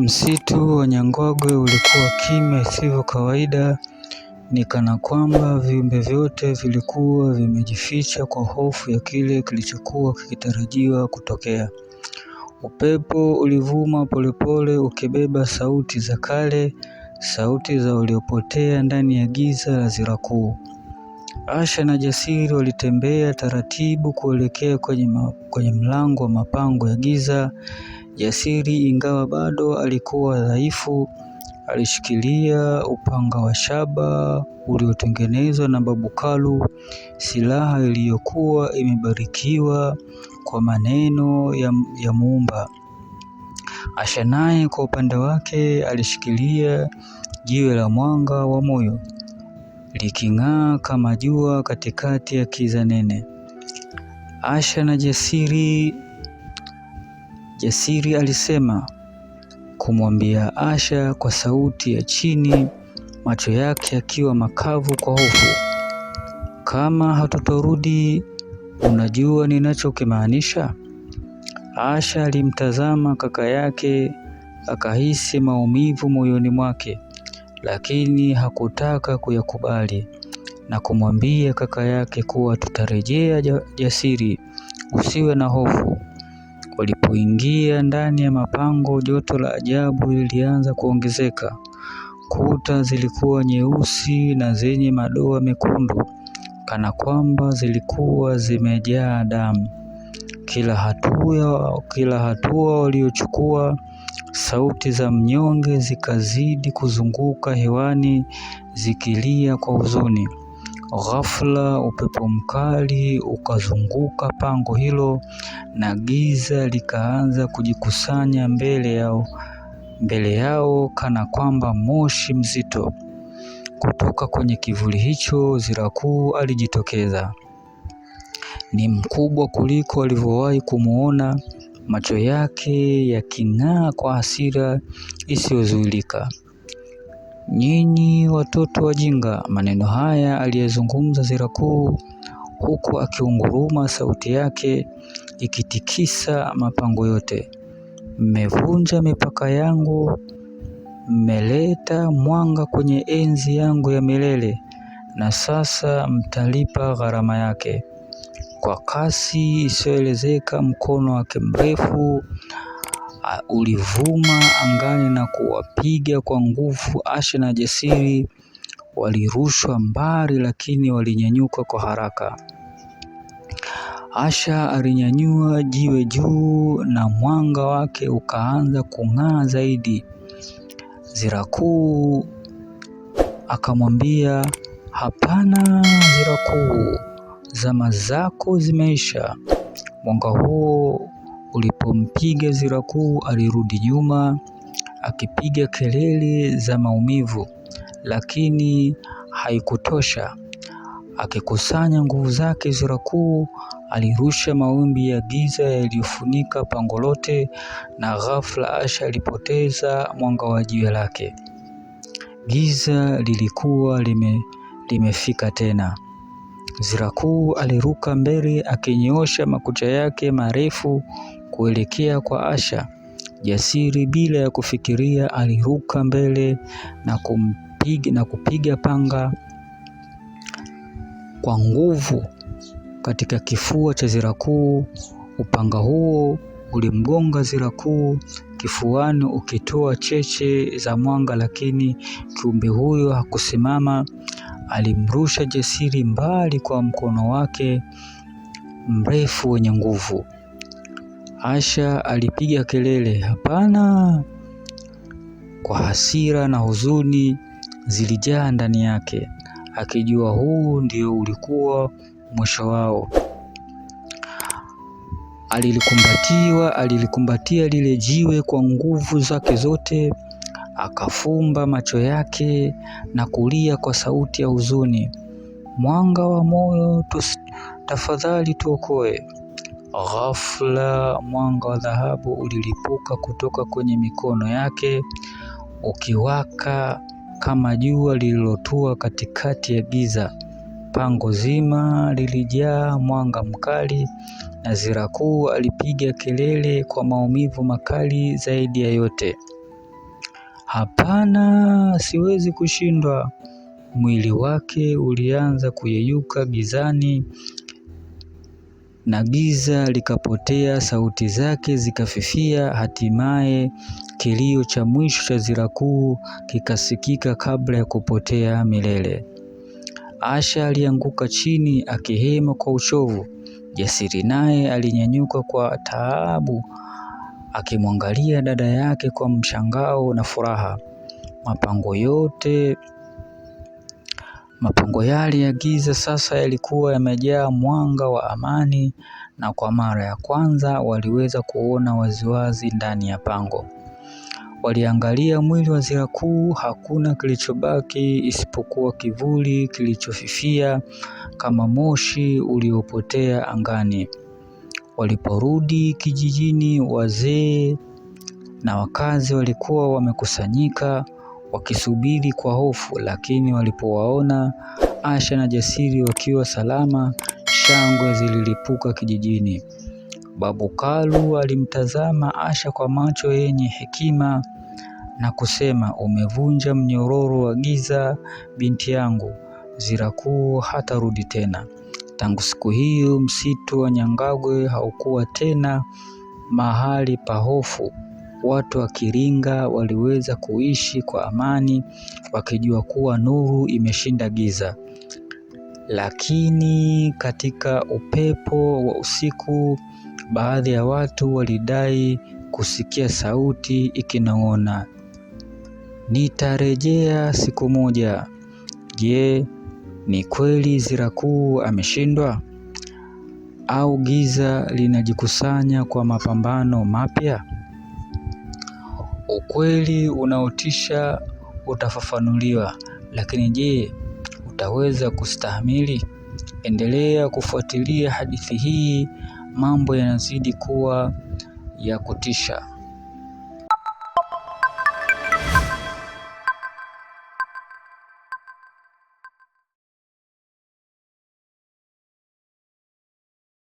Msitu wa Nyangogwe ulikuwa kimya sivyo kawaida, ni kana kwamba viumbe vyote vilikuwa vimejificha kwa hofu ya kile kilichokuwa kikitarajiwa kutokea. Upepo ulivuma polepole ukibeba sauti za kale, sauti za waliopotea ndani ya giza la zira kuu. Asha na Jasiri walitembea taratibu kuelekea kwenye, kwenye mlango wa mapango ya giza Jasiri ingawa bado alikuwa dhaifu, alishikilia upanga wa shaba uliotengenezwa na Babu Kalu, silaha iliyokuwa imebarikiwa kwa maneno ya, ya Muumba. Asha naye kwa upande wake alishikilia jiwe la mwanga wa moyo liking'aa kama jua katikati ya kiza nene. Asha na Jasiri Jasiri alisema kumwambia Asha kwa sauti ya chini, macho yake akiwa makavu kwa hofu, kama hatutorudi, unajua ninachokimaanisha? Asha alimtazama kaka yake, akahisi maumivu moyoni mwake, lakini hakutaka kuyakubali na kumwambia kaka yake kuwa tutarejea. Jasiri, usiwe na hofu, Walipoingia ndani ya mapango joto la ajabu lilianza kuongezeka. Kuta zilikuwa nyeusi na zenye madoa mekundu kana kwamba zilikuwa zimejaa damu. Kila hatua, kila hatua waliochukua, sauti za mnyonge zikazidi kuzunguka hewani zikilia kwa huzuni. Ghafla upepo mkali ukazunguka pango hilo na giza likaanza kujikusanya mbele yao, mbele yao kana kwamba moshi mzito. Kutoka kwenye kivuli hicho zirakuu alijitokeza. Ni mkubwa kuliko alivyowahi kumuona, macho yake yaking'aa kwa hasira isiyozuilika. Nyinyi watoto wajinga. Maneno haya aliyezungumza Zira Kuu huku akiunguruma, sauti yake ikitikisa mapango yote. Mmevunja mipaka yangu, mmeleta mwanga kwenye enzi yangu ya milele, na sasa mtalipa gharama yake. Kwa kasi isiyoelezeka, mkono wake mrefu Uh, ulivuma angani na kuwapiga kwa nguvu. Asha na Jasiri walirushwa mbali, lakini walinyanyuka kwa haraka. Asha alinyanyua jiwe juu na mwanga wake ukaanza kung'aa zaidi. Zirakuu akamwambia, hapana Zirakuu, zama zako zimeisha. Mwanga huo Ulipompiga zira kuu, alirudi nyuma akipiga kelele za maumivu, lakini haikutosha. Akikusanya nguvu zake, zira kuu alirusha mawimbi ya giza yaliyofunika pango lote, na ghafla Asha alipoteza mwanga wa jiwe lake. Giza lilikuwa lime, limefika tena. Zirakuu aliruka mbele akinyoosha makucha yake marefu kuelekea kwa Asha. Jasiri bila ya kufikiria aliruka mbele na kumpiga, na kupiga panga kwa nguvu katika kifua cha Zirakuu. Upanga huo ulimgonga Zirakuu kifuani ukitoa cheche za mwanga, lakini kiumbe huyo hakusimama alimrusha Jasiri mbali kwa mkono wake mrefu wenye nguvu. Asha alipiga kelele, hapana! Kwa hasira na huzuni zilijaa ndani yake, akijua huu ndio ulikuwa mwisho wao. Alilikumbatiwa, alilikumbatia lile jiwe kwa nguvu zake zote akafumba macho yake na kulia kwa sauti ya huzuni, mwanga wa moyo tafadhali tuokoe. Ghafla mwanga wa dhahabu ulilipuka kutoka kwenye mikono yake ukiwaka kama jua lililotua katikati ya giza. Pango zima lilijaa mwanga mkali, na Zirakuu alipiga kelele kwa maumivu makali zaidi ya yote. Hapana, siwezi kushindwa. Mwili wake ulianza kuyeyuka gizani na giza likapotea, sauti zake zikafifia. Hatimaye kilio cha mwisho cha zira kuu kikasikika kabla ya kupotea milele. Asha alianguka chini akihema kwa uchovu. Jasiri naye alinyanyuka kwa taabu akimwangalia dada yake kwa mshangao na furaha. Mapango yote mapango yale ya giza sasa yalikuwa yamejaa mwanga wa amani, na kwa mara ya kwanza waliweza kuona waziwazi ndani ya pango. Waliangalia mwili wa Zira Kuu, hakuna kilichobaki isipokuwa kivuli kilichofifia kama moshi uliopotea angani. Waliporudi kijijini wazee na wakazi walikuwa wamekusanyika wakisubiri kwa hofu, lakini walipowaona Asha na Jasiri wakiwa salama, shangwe zililipuka kijijini. Babu Kalu alimtazama Asha kwa macho yenye hekima na kusema, umevunja mnyororo wa giza binti yangu, Zirakuu kuu hatarudi tena. Tangu siku hiyo msitu wa Nyangagwe haukuwa tena mahali pa hofu. Watu wa Kiringa waliweza kuishi kwa amani wakijua kuwa nuru imeshinda giza. Lakini katika upepo wa usiku, baadhi ya watu walidai kusikia sauti ikinong'ona, nitarejea siku moja. Je, ni kweli Zira Kuu ameshindwa au giza linajikusanya kwa mapambano mapya? Ukweli unaotisha utafafanuliwa, lakini je, utaweza kustahimili? Endelea kufuatilia hadithi hii, mambo yanazidi kuwa ya kutisha.